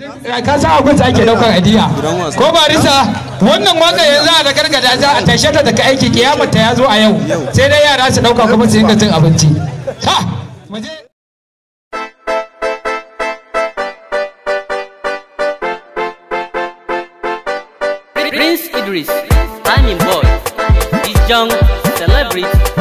Eh, ka sa akwai ta ake daukar adiya ko barisa wannan waka yanzu a da gargada za a tashe ta daga aiki kiyamar ta ya zo a yau sai dai yara su dauka kuma su dinga cin abinci ha Prince Idris, Diamond Boy, this young celebrity